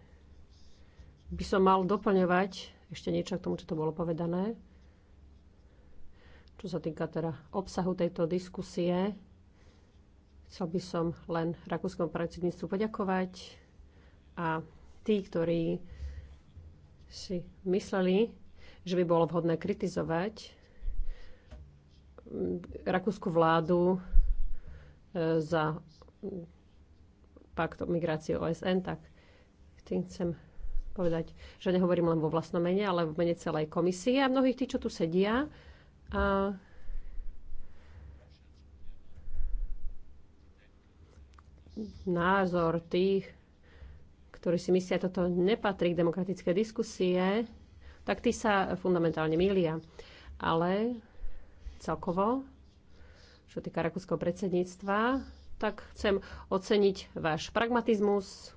by som mal doplňovať ešte niečo k tomu, čo to bolo povedané. Čo sa týka teda obsahu tejto diskusie, chcel by som len rakúskom predsedníctvu poďakovať a tí, ktorí si mysleli, že by bolo vhodné kritizovať rakúsku vládu za pakt o migrácii OSN, tak tým chcem povedať, že nehovorím len vo vlastnom mene, ale v mene celej komisie a mnohých tí, čo tu sedia. A názor tých, ktorí si myslia, že toto nepatrí k demokratické diskusie, tak tí sa fundamentálne milia. Ale celkovo čo týka rakúskeho predsedníctva, tak chcem oceniť váš pragmatizmus.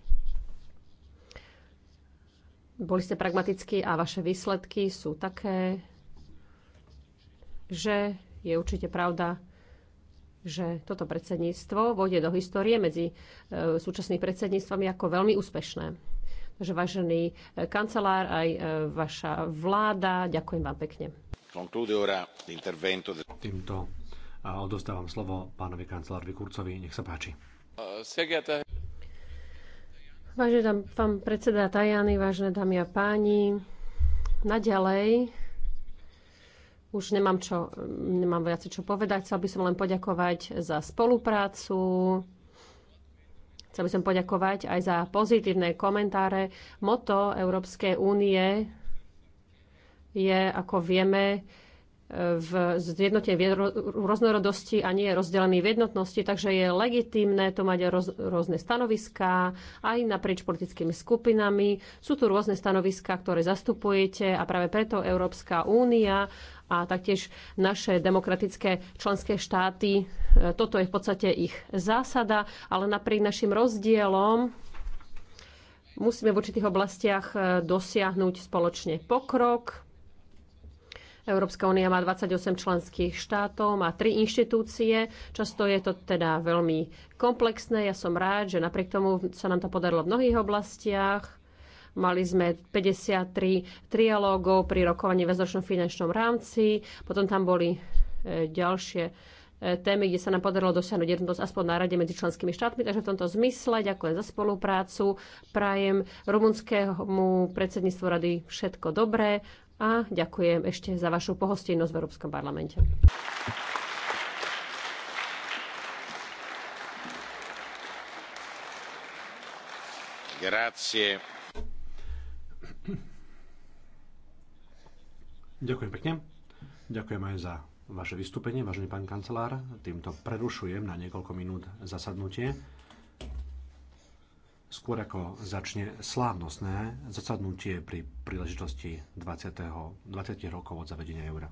Boli ste pragmatickí a vaše výsledky sú také, že je určite pravda, že toto predsedníctvo vôjde do histórie medzi e, súčasnými predsedníctvami ako veľmi úspešné. Takže vážený e, kancelár, aj e, vaša vláda, ďakujem vám pekne. Týmto a odostávam slovo pánovi kancelárovi Kurcovi. Nech sa páči. Vážený tam, pán predseda Tajany, vážené dámy a páni, naďalej už nemám, čo, nemám viac čo povedať. Chcel by som len poďakovať za spoluprácu. Chcel by som poďakovať aj za pozitívne komentáre. Moto Európskej únie je, ako vieme, v zjednotený rôznorodosti a nie je rozdelený v jednotnosti, takže je legitimné to mať roz, rôzne stanoviská aj naprieč politickými skupinami. Sú tu rôzne stanoviská, ktoré zastupujete a práve preto Európska únia a taktiež naše demokratické členské štáty. E, toto je v podstate ich zásada, ale napriek našim rozdielom musíme v určitých oblastiach e, dosiahnuť spoločne pokrok, Európska únia má 28 členských štátov, má tri inštitúcie. Často je to teda veľmi komplexné. Ja som rád, že napriek tomu sa nám to podarilo v mnohých oblastiach. Mali sme 53 trialógov pri rokovaní v väzročnom finančnom rámci. Potom tam boli e, ďalšie e, témy, kde sa nám podarilo dosiahnuť jednotnosť aspoň na rade medzi členskými štátmi. Takže v tomto zmysle ďakujem za spoluprácu. Prajem rumunskému predsedníctvu rady všetko dobré a ďakujem ešte za vašu pohostinnosť v Európskom parlamente. Grazie. Ďakujem pekne. Ďakujem aj za vaše vystúpenie, vážený pán kancelár. Týmto prerušujem na niekoľko minút zasadnutie. Skôr ako začne slávnostné zasadnutie pri príležitosti 20. 20 rokov od zavedenia eura.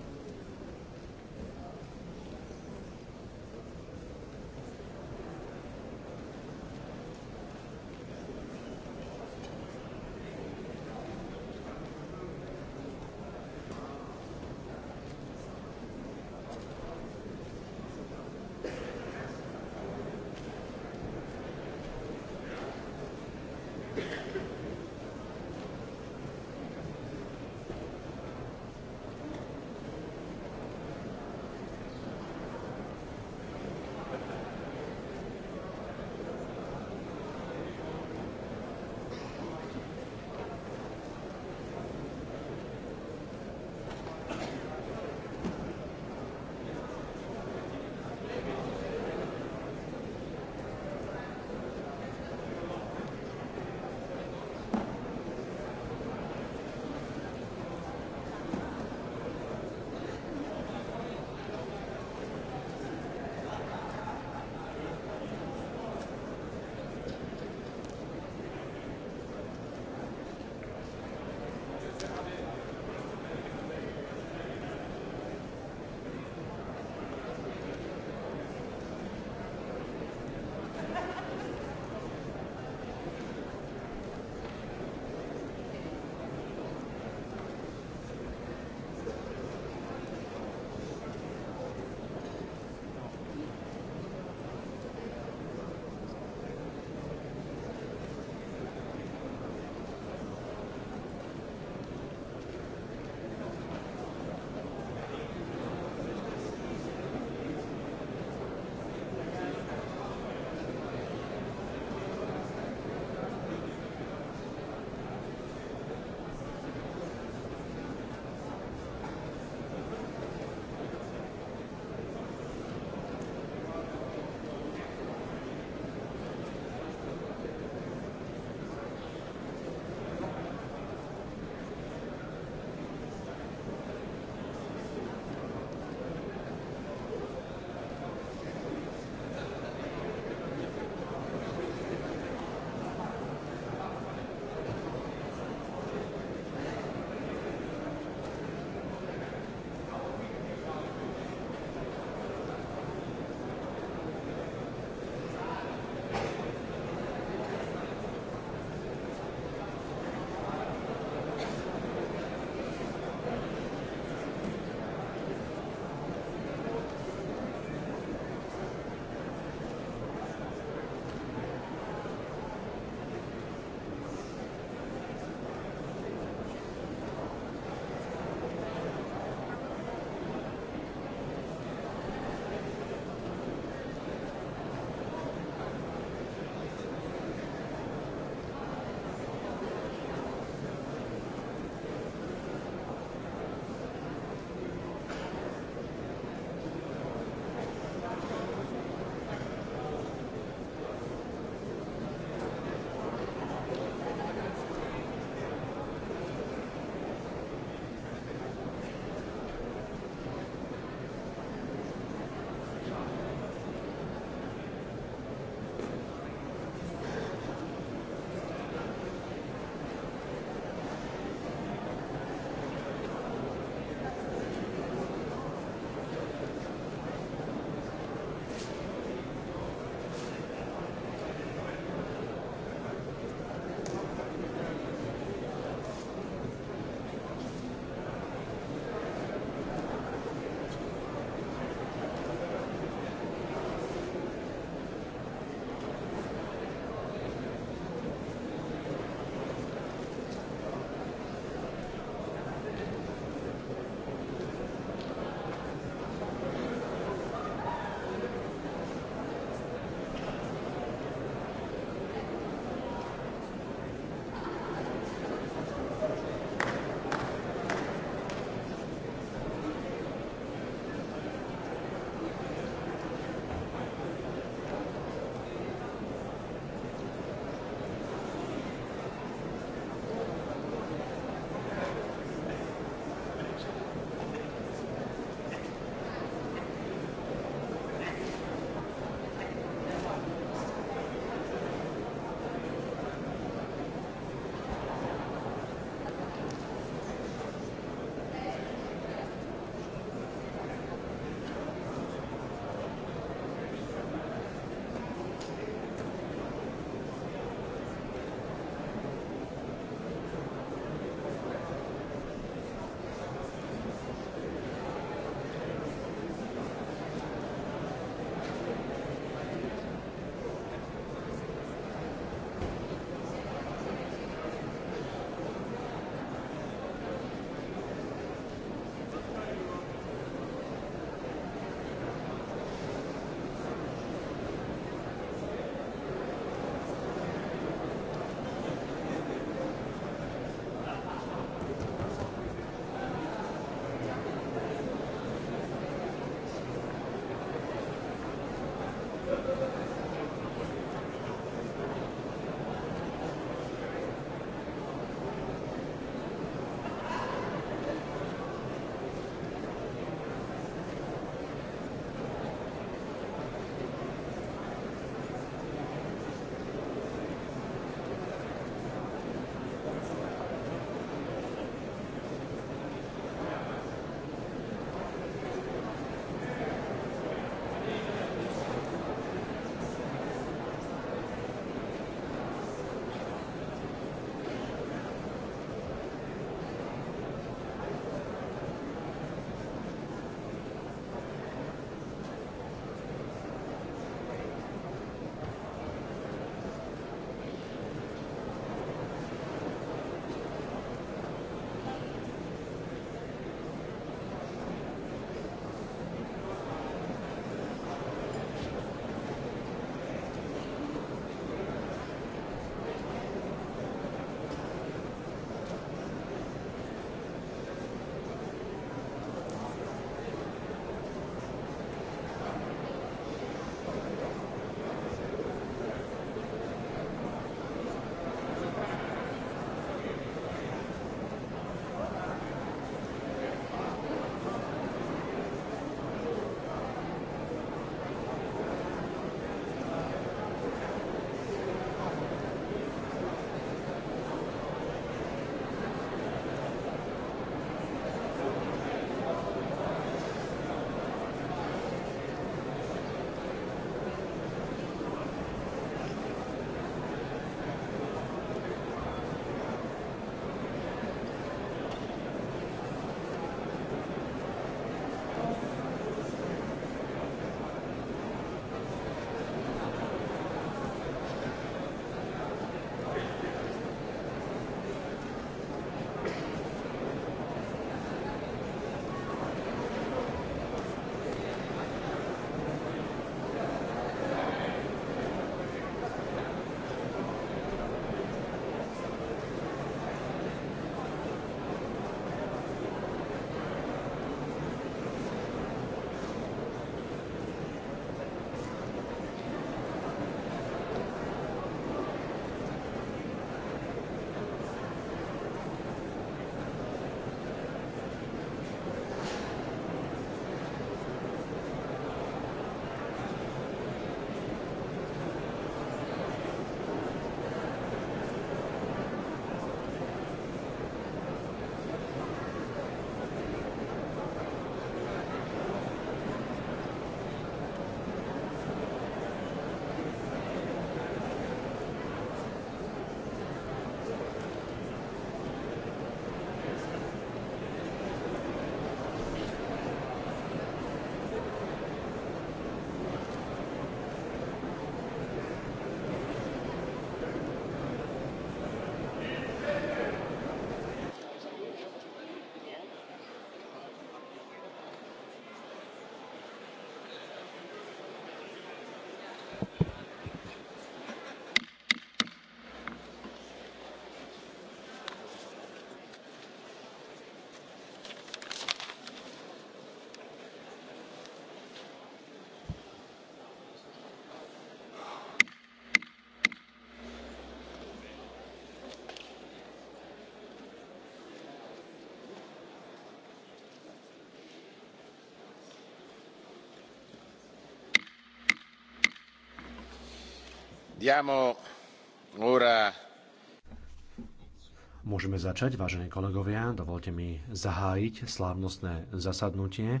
Môžeme začať, vážení kolegovia. Dovolte mi zahájiť slávnostné zasadnutie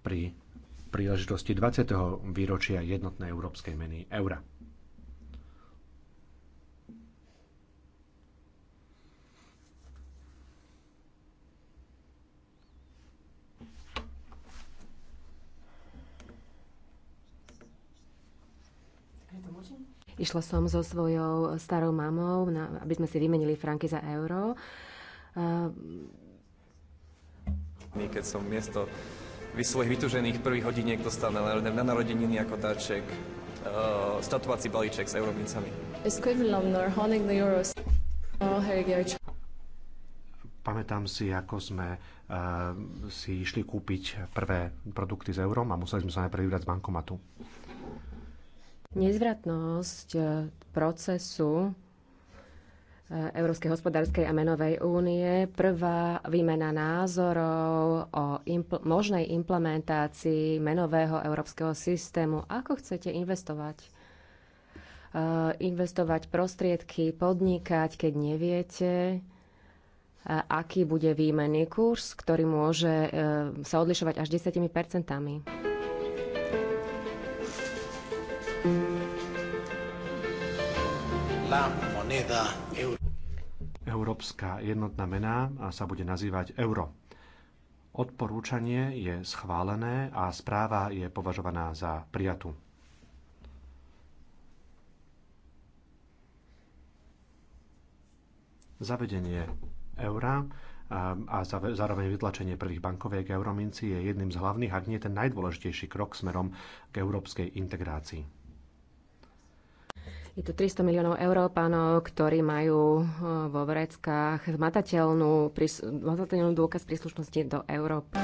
pri príležitosti 20. výročia jednotnej európskej meny eura. Išla som so svojou starou mamou, na, aby sme si vymenili franky za euro. Uh... keď som miesto vy svojich vytužených prvých hodiniek dostal na, na narodeniny ako darček uh, statovací balíček s euromincami. Oh, Pamätám si, ako sme uh, si išli kúpiť prvé produkty s eurom a museli sme sa najprv vybrať z bankomatu. Nezvratnosť e, procesu e, Európskej hospodárskej a menovej únie. Prvá výmena názorov o impl- možnej implementácii menového európskeho systému. Ako chcete investovať? Uh, investovať prostriedky, podnikať, keď neviete, uh, aký bude výmenný kurz, ktorý môže uh, sa odlišovať až 10 percentami. la moneda euro. Európska jednotná mena sa bude nazývať euro. Odporúčanie je schválené a správa je považovaná za prijatú. Zavedenie eura a zároveň vytlačenie prvých bankoviek eurominci je jedným z hlavných, ak nie ten najdôležitejší krok smerom k európskej integrácii. Je to 300 miliónov Európanov, ktorí majú e, vo vreckách matateľnú, matateľnú dôkaz príslušnosti do Európy.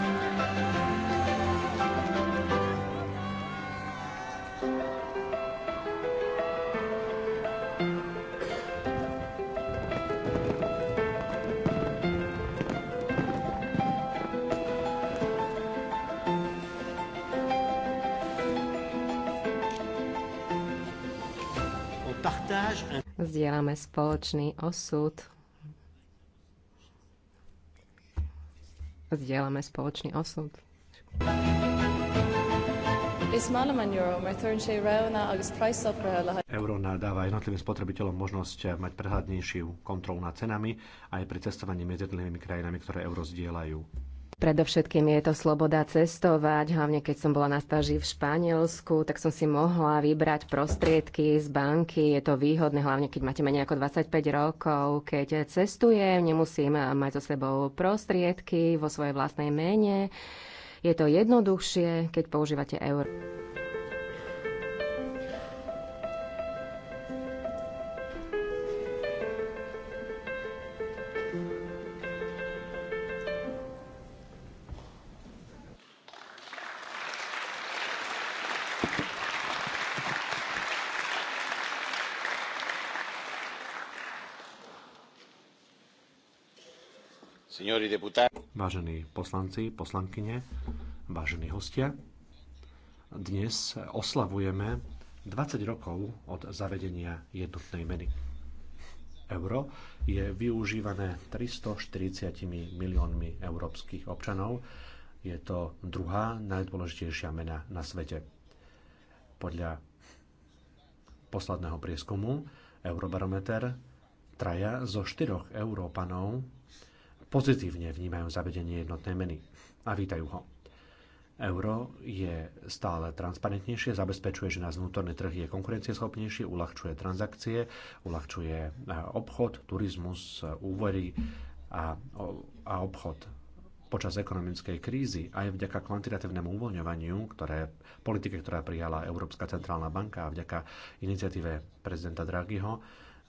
máme spoločný osud, zdieľame spoločný osud. Euro dáva jednotlivým spotrebiteľom možnosť mať prehľadnejšiu kontrolu nad cenami aj pri cestovaní medzi jednotlivými krajinami, ktoré euro zdieľajú. Predovšetkým je to sloboda cestovať, hlavne keď som bola na stáži v Španielsku, tak som si mohla vybrať prostriedky z banky. Je to výhodné, hlavne keď máte menej ako 25 rokov. Keď cestujem, nemusím mať so sebou prostriedky vo svojej vlastnej mene. Je to jednoduchšie, keď používate eur. Vážení poslanci, poslankyne, vážení hostia, dnes oslavujeme 20 rokov od zavedenia jednotnej meny. Euro je využívané 340 miliónmi európskych občanov. Je to druhá najdôležitejšia mena na svete. Podľa posledného prieskumu Eurobarometer traja zo štyroch Európanov pozitívne vnímajú zavedenie jednotnej meny a vítajú ho. Euro je stále transparentnejšie, zabezpečuje, že nás vnútorný trh je konkurencieschopnejší, uľahčuje transakcie, uľahčuje eh, obchod, turizmus, eh, úvery a, a obchod. Počas ekonomickej krízy aj vďaka kvantitatívnemu uvoľňovaniu, ktoré, politike, ktorá prijala Európska centrálna banka a vďaka iniciatíve prezidenta Draghiho,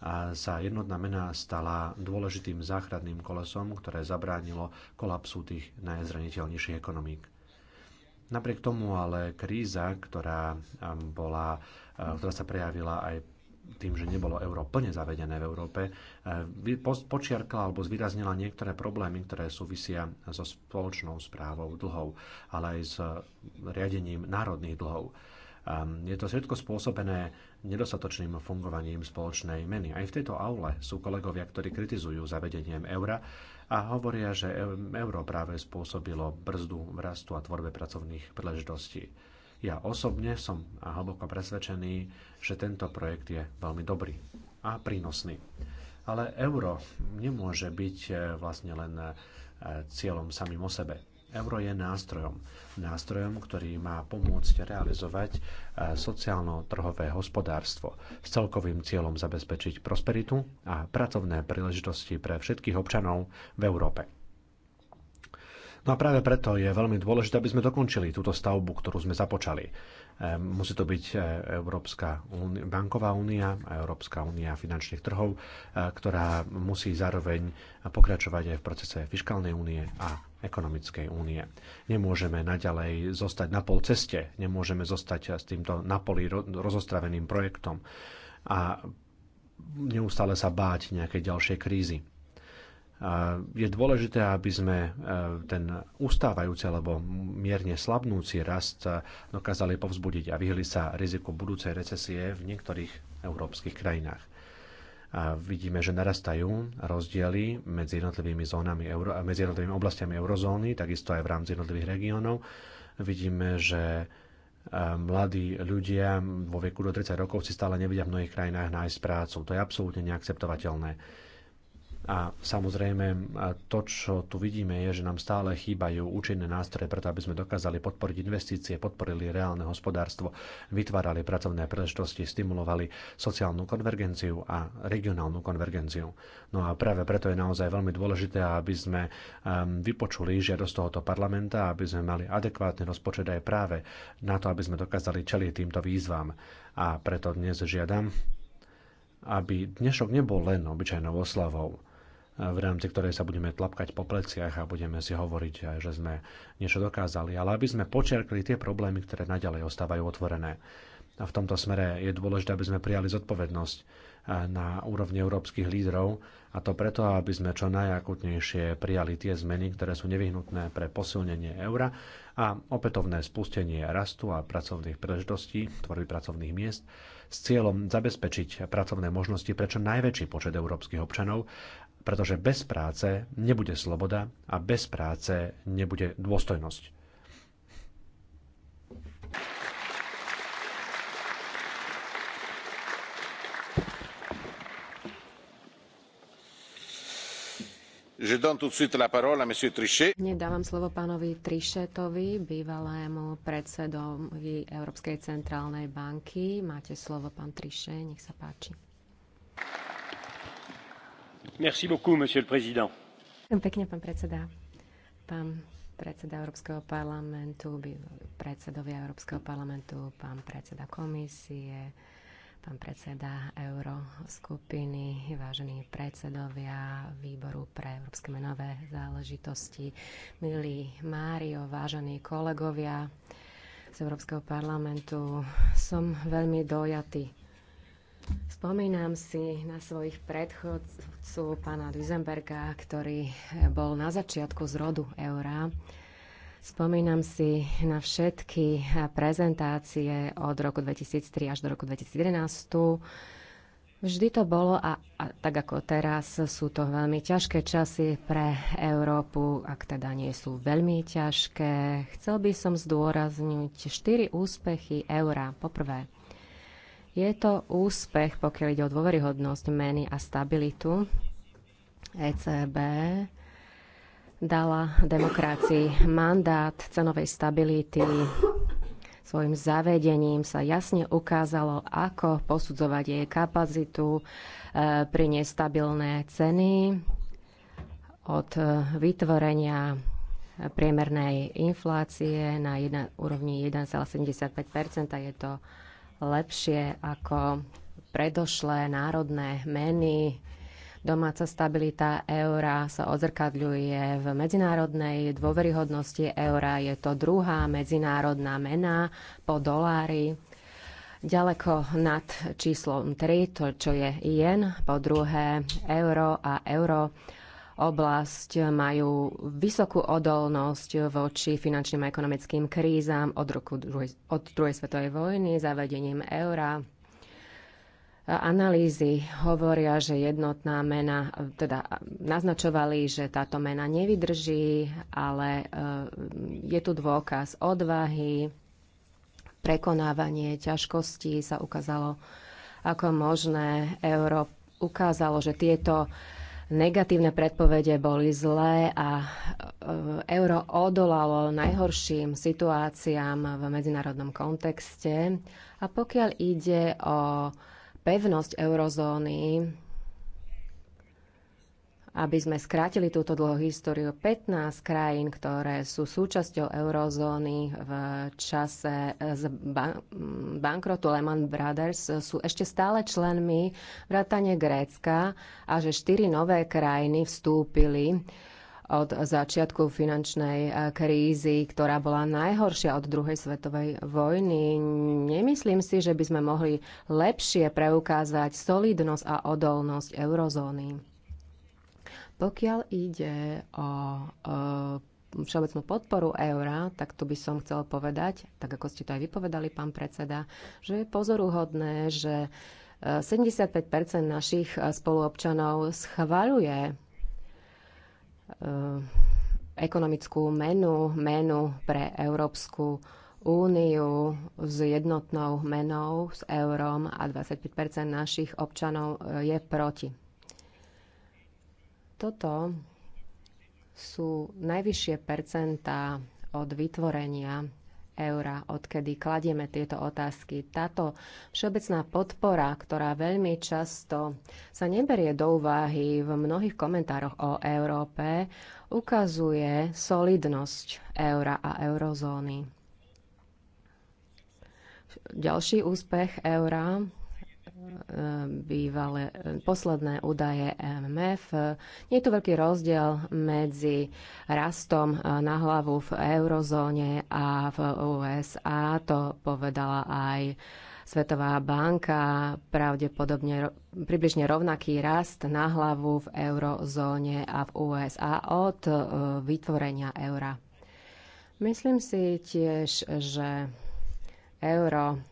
a sa jednotná mena stala dôležitým záchranným kolesom, ktoré zabránilo kolapsu tých najzraniteľnejších ekonomík. Napriek tomu ale kríza, ktorá, um, bola, uh, ktorá sa prejavila aj tým, že nebolo euro plne zavedené v Európe, uh, počiarkla alebo zvýraznila niektoré problémy, ktoré súvisia so spoločnou správou dlhov, ale aj s riadením národných dlhov. Je to všetko spôsobené nedostatočným fungovaním spoločnej meny. Aj v tejto aule sú kolegovia, ktorí kritizujú zavedeniem eura a hovoria, že euro práve spôsobilo brzdu v rastu a tvorbe pracovných príležitostí. Ja osobne som hlboko presvedčený, že tento projekt je veľmi dobrý a prínosný. Ale euro nemôže byť e, vlastne len e, cieľom samým o sebe. Euro je nástrojom. Nástrojom, ktorý má pomôcť realizovať eh, sociálno-trhové hospodárstvo s celkovým cieľom zabezpečiť prosperitu a pracovné príležitosti pre všetkých občanov v Európe. No a práve preto je veľmi dôležité, aby sme dokončili túto stavbu, ktorú sme započali. Eh, musí to byť eh, Európska banková únia a Európska únia finančných trhov, ktorá musí zároveň pokračovať aj v procese fiskálnej únie a ekonomickej únie. Nemôžeme naďalej zostať na pol ceste, nemôžeme zostať s týmto napolí rozostraveným projektom a neustále sa báť nejakej ďalšej krízy. Je dôležité, aby sme e, ten ustávajúci alebo mierne slabnúci rast e, dokázali povzbudiť a vyhli sa riziku budúcej recesie v niektorých európskych krajinách. A vidíme, že narastajú rozdiely medzi jednotlivými zónami euro, medzi jednotlivými oblastiami eurozóny, takisto aj v rámci jednotlivých regiónov. Vidíme, že e, mladí ľudia vo veku do 30 rokov si stále nevedia v mnohých krajinách nájsť prácu. To je absolútne neakceptovateľné a samozrejme, to, čo tu vidíme, je, že nám stále chýbajú účinné nástroje preto, aby sme dokázali podporiť investície, podporili reálne hospodárstvo, vytvárali pracovné príležitosti, stimulovali sociálnu konvergenciu a regionálnu konvergenciu. No a práve preto je naozaj veľmi dôležité, aby sme ehm, vypočuli žiadosť tohoto parlamenta, aby sme mali adekvátny rozpočet aj práve na to, aby sme dokázali čeliť týmto výzvam. A preto dnes žiadam, aby dnešok nebol len obyčajnou oslavou, v rámci ktorej sa budeme tlapkať po pleciach a budeme si hovoriť, že sme niečo dokázali, ale aby sme počerkli tie problémy, ktoré naďalej ostávajú otvorené. A v tomto smere je dôležité, aby sme prijali zodpovednosť na úrovni európskych lídrov a to preto, aby sme čo najakutnejšie prijali tie zmeny, ktoré sú nevyhnutné pre posilnenie eura a opätovné spustenie rastu a pracovných príležitostí, tvorby pracovných miest s cieľom zabezpečiť pracovné možnosti pre čo najväčší počet európskych občanov pretože bez práce nebude sloboda a bez práce nebude dôstojnosť. Nedávam slovo pánovi Trichetovi, bývalému predsedovi Európskej centrálnej banky. Máte slovo, pán Trichet, nech sa páči. Merci beaucoup, monsieur le président. Pekne, pán predseda. Pán predseda Európskeho parlamentu, predsedovia Európskeho parlamentu, pán predseda komisie, pán predseda Euroskupiny, vážení predsedovia výboru pre európske menové záležitosti, milí Mário, vážení kolegovia z Európskeho parlamentu. Som veľmi dojatý Spomínam si na svojich predchodcu, pána Duisenberga, ktorý bol na začiatku z rodu eura. Spomínam si na všetky prezentácie od roku 2003 až do roku 2011. Vždy to bolo a, a tak ako teraz sú to veľmi ťažké časy pre Európu, ak teda nie sú veľmi ťažké. Chcel by som zdôrazniť štyri úspechy eura. Poprvé, je to úspech, pokiaľ ide o dôveryhodnosť meny a stabilitu. ECB dala demokracii mandát cenovej stability. Svojim zavedením sa jasne ukázalo, ako posudzovať jej kapacitu e, pri nestabilné ceny od e, vytvorenia priemernej inflácie na jedna, úrovni 1,75 je to lepšie ako predošlé národné meny. Domáca stabilita eura sa odzrkadľuje v medzinárodnej dôveryhodnosti eura. Je to druhá medzinárodná mena po dolári. Ďaleko nad číslom 3, to čo je jen, po druhé euro a euro oblasť majú vysokú odolnosť voči finančným a ekonomickým krízam od, roku, od druhej svetovej vojny, zavedením eura. Analýzy hovoria, že jednotná mena, teda naznačovali, že táto mena nevydrží, ale e, je tu dôkaz odvahy, prekonávanie ťažkostí sa ukázalo ako možné. Euro ukázalo, že tieto uh, negatívne predpovede boli zlé a e, euro odolalo najhorším situáciám v medzinárodnom kontexte. A pokiaľ ide o pevnosť eurozóny, aby sme skrátili túto dlhú históriu 15 krajín, ktoré sú súčasťou eurozóny v čase z bankrotu Lehman Brothers, sú ešte stále členmi vrátane Grécka a že štyri nové krajiny vstúpili od začiatku finančnej eh, krízy, ktorá bola najhoršia od druhej svetovej vojny. Nemyslím si, že by sme mohli lepšie preukázať solidnosť a odolnosť eurozóny. Pokiaľ ide o, o e, všeobecnú podporu eura, tak tu by som chcel povedať, tak ako ste to aj vypovedali, pán predseda, že je pozoruhodné, že 75 e, našich e, spoluobčanov schvaľuje ekonomickú menu, menu pre Európsku úniu s jednotnou menou, s eurom a 25 našich občanov je proti. Toto sú najvyššie percentá od vytvorenia eura, odkedy kladieme tieto otázky. Táto všeobecná podpora, ktorá veľmi často sa neberie do úvahy v mnohých komentároch o Európe, ukazuje solidnosť eura a eurozóny. Ďalší úspech eura bývalé posledné údaje MMF. Nie je tu veľký rozdiel medzi rastom na hlavu v eurozóne a v USA. To povedala aj Svetová banka, pravdepodobne približne rovnaký rast na hlavu v eurozóne a v USA od e, vytvorenia eura. Myslím si tiež, že euro